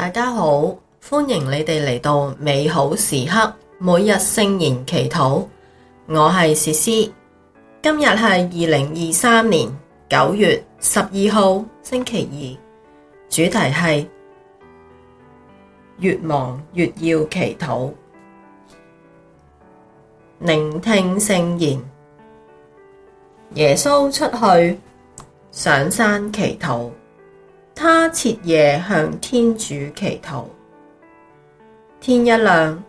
大家好，歡迎你哋嚟到美好時刻每日聖言祈禱，我係詩詩，今日係二零二三年九月十二號星期二，主題係越忙越要祈禱，聆聽聖言，耶穌出去，上山祈禱。他徹夜向天主祈禱。天一亮，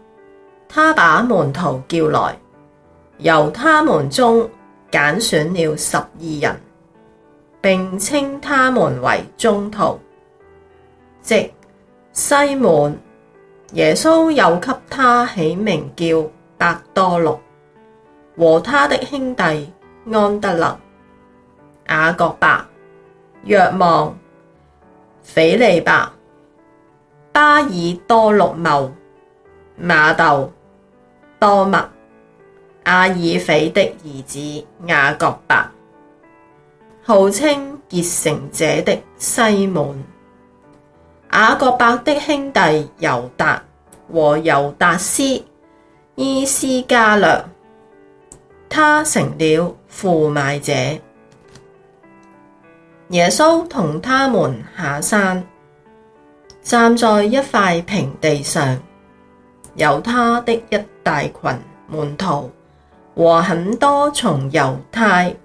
他把門徒叫來，由他們中揀選了十二人，並稱他們為宗徒，即西滿，耶穌又給他起名叫伯多祿，和他的兄弟安德肋、雅各伯、若望。腓理伯、巴爾多祿茂、瑪竇、多默、阿耳斐的兒子雅各伯，號稱熱誠者的西滿，雅各伯的兄弟猶達和猶達斯、依斯加略，他成了負賣者。耶穌同他們下山，站在一塊平地上，有他的一大群門徒和很多從猶太、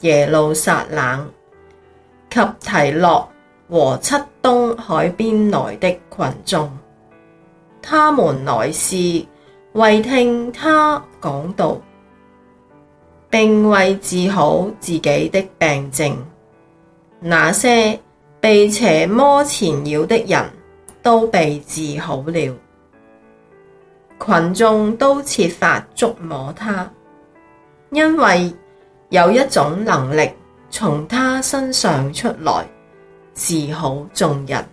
耶路撒冷及提洛和漆冬海邊來的群眾。他們來是為聽他講道，並為治好自己的病症。那些被邪魔纏繞的人都被治好了。群眾都設法觸摸他，因為有一種能力從他身上出來，治好眾人。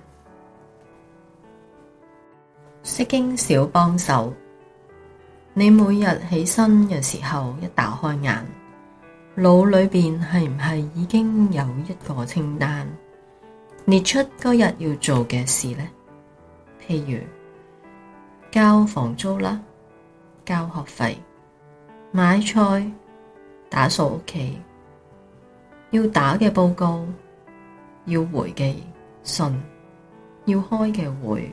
釋經小幫手，你每日起身嘅時候，一打開眼。腦裏邊係唔係已經有一個清單列出嗰日要做嘅事呢，譬如交房租啦、交學費、買菜、打掃屋企、要打嘅報告、要回嘅信、要開嘅會、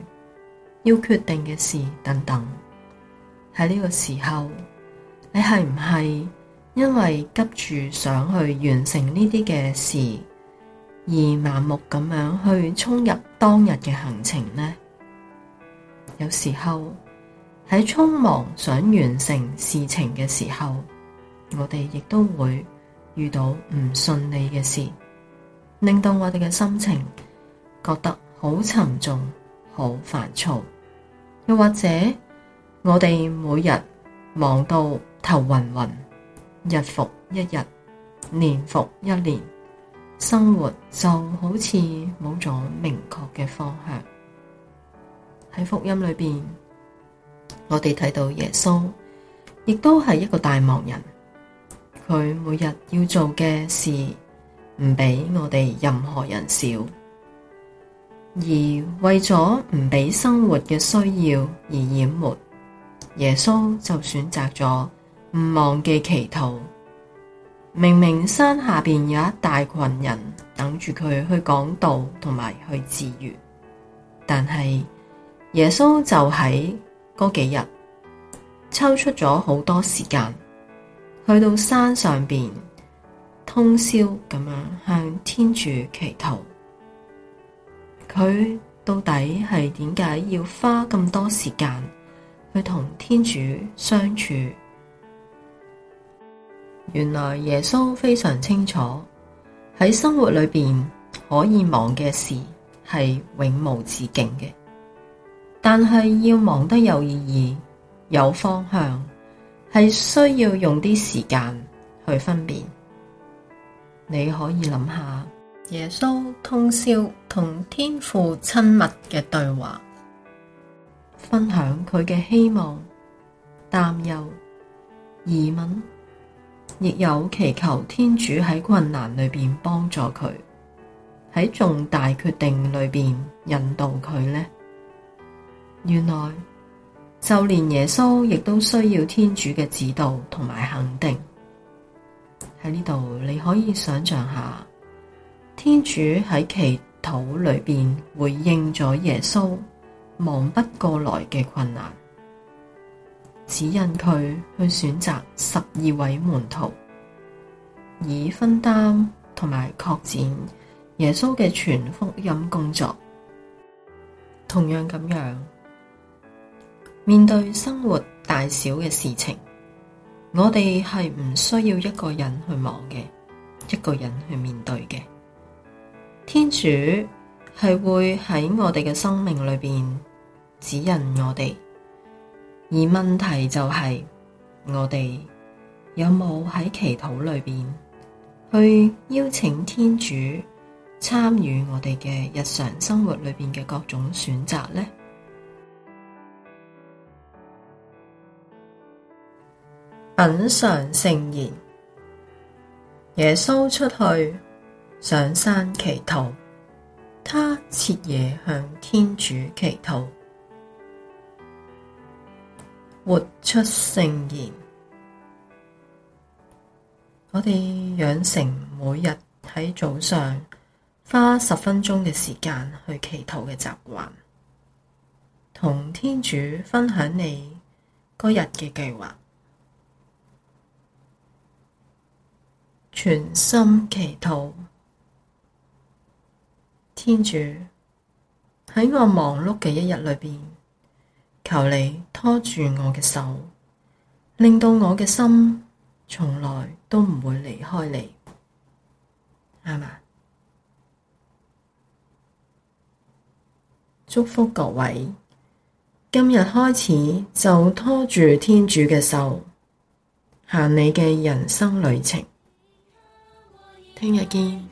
要決定嘅事等等。喺呢個時候，你係唔係？因為急住想去完成呢啲嘅事，而盲目咁樣去衝入當日嘅行程呢。有時候喺匆忙想完成事情嘅時候，我哋亦都會遇到唔順利嘅事，令到我哋嘅心情覺得好沉重、好煩躁，又或者我哋每日忙到頭暈暈。日復一日，年復一年，生活就好似冇咗明確嘅方向。喺福音裏邊，我哋睇到耶穌亦都係一個大忙人，佢每日要做嘅事唔比我哋任何人少，而為咗唔俾生活嘅需要而淹沒，耶穌就選擇咗。唔忘記祈禱，明明山下邊有一大群人等住佢去講道同埋去治愈，但係耶穌就喺嗰幾日抽出咗好多時間去到山上邊通宵咁樣向天主祈禱。佢到底係點解要花咁多時間去同天主相處？原來耶穌非常清楚喺生活裏邊可以忙嘅事係永無止境嘅，但係要忙得有意義、有方向，係需要用啲時間去分辨。你可以諗下耶穌通宵同天父親密嘅對話，分享佢嘅希望、擔憂、疑問。亦有祈求天主喺困難裏邊幫助佢，喺重大決定裏邊引導佢呢。原來就連耶穌亦都需要天主嘅指導同埋肯定。喺呢度你可以想象下，天主喺祈禱裏邊回應咗耶穌忙不過來嘅困難。指引佢去選擇十二位門徒，以分擔同埋擴展耶穌嘅全福音工作。同樣咁樣，面對生活大小嘅事情，我哋係唔需要一個人去忙嘅，一個人去面對嘅。天主係會喺我哋嘅生命裏邊指引我哋。而問題就係，我哋有冇喺祈禱裏邊去邀請天主參與我哋嘅日常生活裏邊嘅各種選擇呢？品嘗聖言，耶穌出去上山祈禱，他徹夜向天主祈禱。活出聖言，我哋養成每日喺早上花十分鐘嘅時間去祈禱嘅習慣，同天主分享你嗰日嘅計劃，全心祈禱。天主，喺我忙碌嘅一日裏邊。求你拖住我嘅手，令到我嘅心從來都唔會離開你，係嘛？祝福各位，今日開始就拖住天主嘅手，行你嘅人生旅程。聽日見。